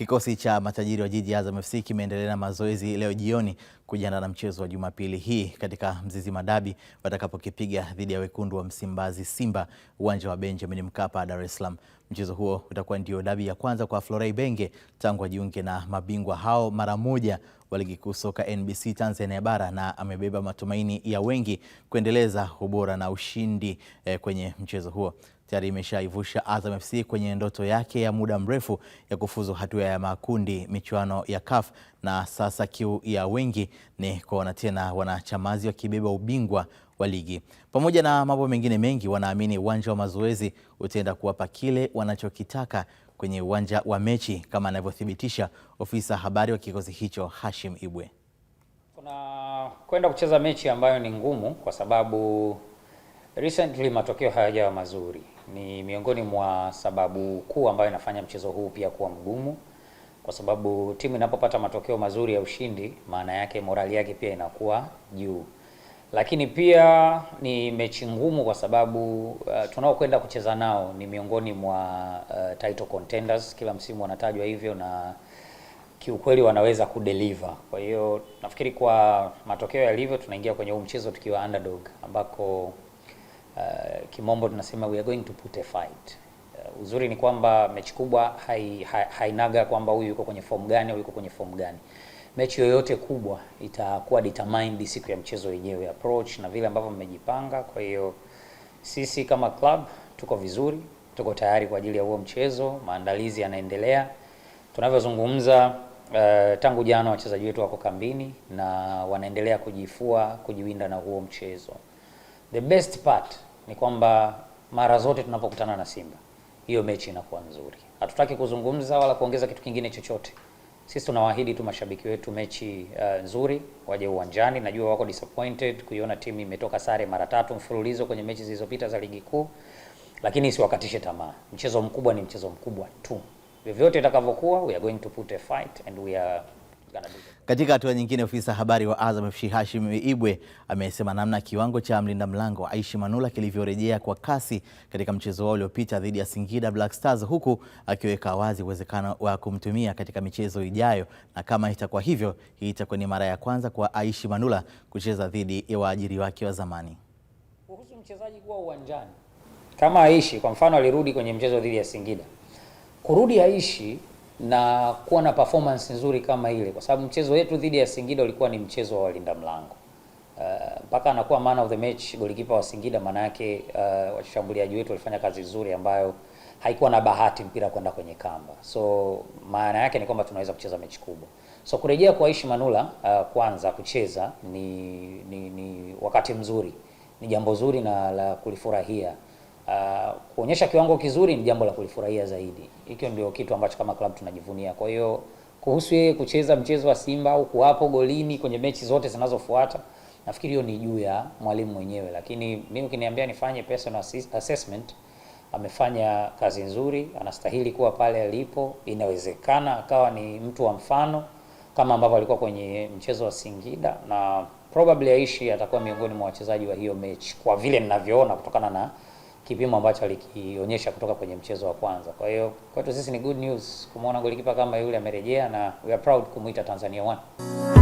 Kikosi cha matajiri wa jiji Azam FC kimeendelea na mazoezi leo jioni kujiandaa na mchezo wa Jumapili hii katika Mzizima madabi watakapokipiga dhidi ya wekundu wa Msimbazi Simba uwanja wa Benjamin Mkapa, Dar es Salaam. Mchezo huo utakuwa ndio dabi ya kwanza kwa Florai Benge tangu ajiunge na mabingwa hao mara moja wa ligi kuu soka NBC Tanzania bara na amebeba matumaini ya wengi kuendeleza ubora na ushindi eh, kwenye mchezo huo. Tayari imeshaivusha Azam FC kwenye ndoto yake ya muda mrefu ya kufuzu hatua ya makundi michuano ya CAF, na sasa kiu ya wengi ni kuona tena wanachamazi wakibeba ubingwa wa ligi. Pamoja na mambo mengine mengi, wanaamini uwanja wa mazoezi utaenda kuwapa kile wanachokitaka kwenye uwanja wa mechi, kama anavyothibitisha ofisa habari wa kikosi hicho Hashim Ibwe. Kuna kwenda kucheza mechi ambayo ni ngumu kwa sababu recently matokeo hayajawa mazuri. Ni miongoni mwa sababu kuu ambayo inafanya mchezo huu pia kuwa mgumu, kwa sababu timu inapopata matokeo mazuri ya ushindi, maana yake morali yake pia inakuwa juu lakini pia ni mechi ngumu kwa sababu uh, tunaokwenda kucheza nao ni miongoni mwa uh, title contenders, kila msimu wanatajwa hivyo na kiukweli wanaweza kudeliver. Kwa hiyo nafikiri kwa matokeo yalivyo, tunaingia kwenye huu mchezo tukiwa underdog, ambako uh, kimombo tunasema we are going to put a fight. Uh, uzuri ni kwamba mechi kubwa hainaga hai, hai kwamba huyu yuko kwenye form gani au yuko kwenye form gani mechi yoyote kubwa itakuwa determined siku ya mchezo wenyewe, approach na vile ambavyo mmejipanga. Kwa hiyo sisi kama club tuko vizuri, tuko tayari kwa ajili ya huo mchezo, maandalizi yanaendelea tunavyozungumza. Uh, tangu jana wachezaji wetu wako kambini na wanaendelea kujifua, kujiwinda na huo mchezo. The best part ni kwamba mara zote tunapokutana na Simba hiyo mechi inakuwa nzuri. Hatutaki kuzungumza wala kuongeza kitu kingine chochote. Sisi tunawaahidi tu mashabiki wetu mechi uh, nzuri, waje uwanjani. Najua wako disappointed kuiona timu imetoka sare mara tatu mfululizo kwenye mechi zilizopita za ligi kuu, lakini siwakatishe tamaa. Mchezo mkubwa ni mchezo mkubwa tu, vyovyote itakavyokuwa, we are going to put a fight and we are katika hatua nyingine, ofisa habari wa Azam FC Hashim Ibwe amesema namna kiwango cha mlinda mlango Aishi Manula kilivyorejea kwa kasi katika mchezo wao uliopita dhidi ya Singida Black Stars, huku akiweka wazi uwezekano wa kumtumia katika michezo ijayo, na kama itakuwa hivyo, hii itakuwa ni mara ya kwanza kwa Aishi Manula kucheza dhidi ya waajiri wake wa zamani. Kuhusu mchezaji kuwa uwanjani, kama Aishi kwa mfano alirudi kwenye mchezo dhidi ya Singida, kurudi Aishi na kuwa na performance nzuri kama ile, kwa sababu mchezo wetu dhidi ya Singida ulikuwa ni mchezo wa walinda mlango eh, mpaka uh, anakuwa man of the match golikipa wa Singida. Maana yake uh, washambuliaji wetu walifanya kazi nzuri ambayo haikuwa na bahati mpira kwenda kwenye kamba, so maana yake ni kwamba tunaweza kucheza mechi kubwa. So kurejea kwa Aishi Manula uh, kwanza kucheza ni, ni, ni wakati mzuri, ni jambo zuri na la kulifurahia uh, kuonyesha kiwango kizuri ni jambo la kulifurahia zaidi. Hicho ndio kitu ambacho kama klabu tunajivunia. Kwa hiyo kuhusu yeye kucheza mchezo wa Simba au kuwapo golini kwenye mechi zote zinazofuata, nafikiri hiyo ni juu ya mwalimu mwenyewe, lakini mimi ukiniambia nifanye personal assessment, amefanya kazi nzuri, anastahili kuwa pale alipo. Inawezekana akawa ni mtu wa mfano kama ambavyo alikuwa kwenye mchezo wa Singida na probably Aishi atakuwa miongoni mwa wachezaji wa hiyo mechi kwa vile ninavyoona kutokana na kipimo ambacho alikionyesha kutoka kwenye mchezo wa kwanza. Kwa hiyo kwetu sisi ni good news kumwona golikipa kama yule amerejea, na we are proud kumuita Tanzania 1.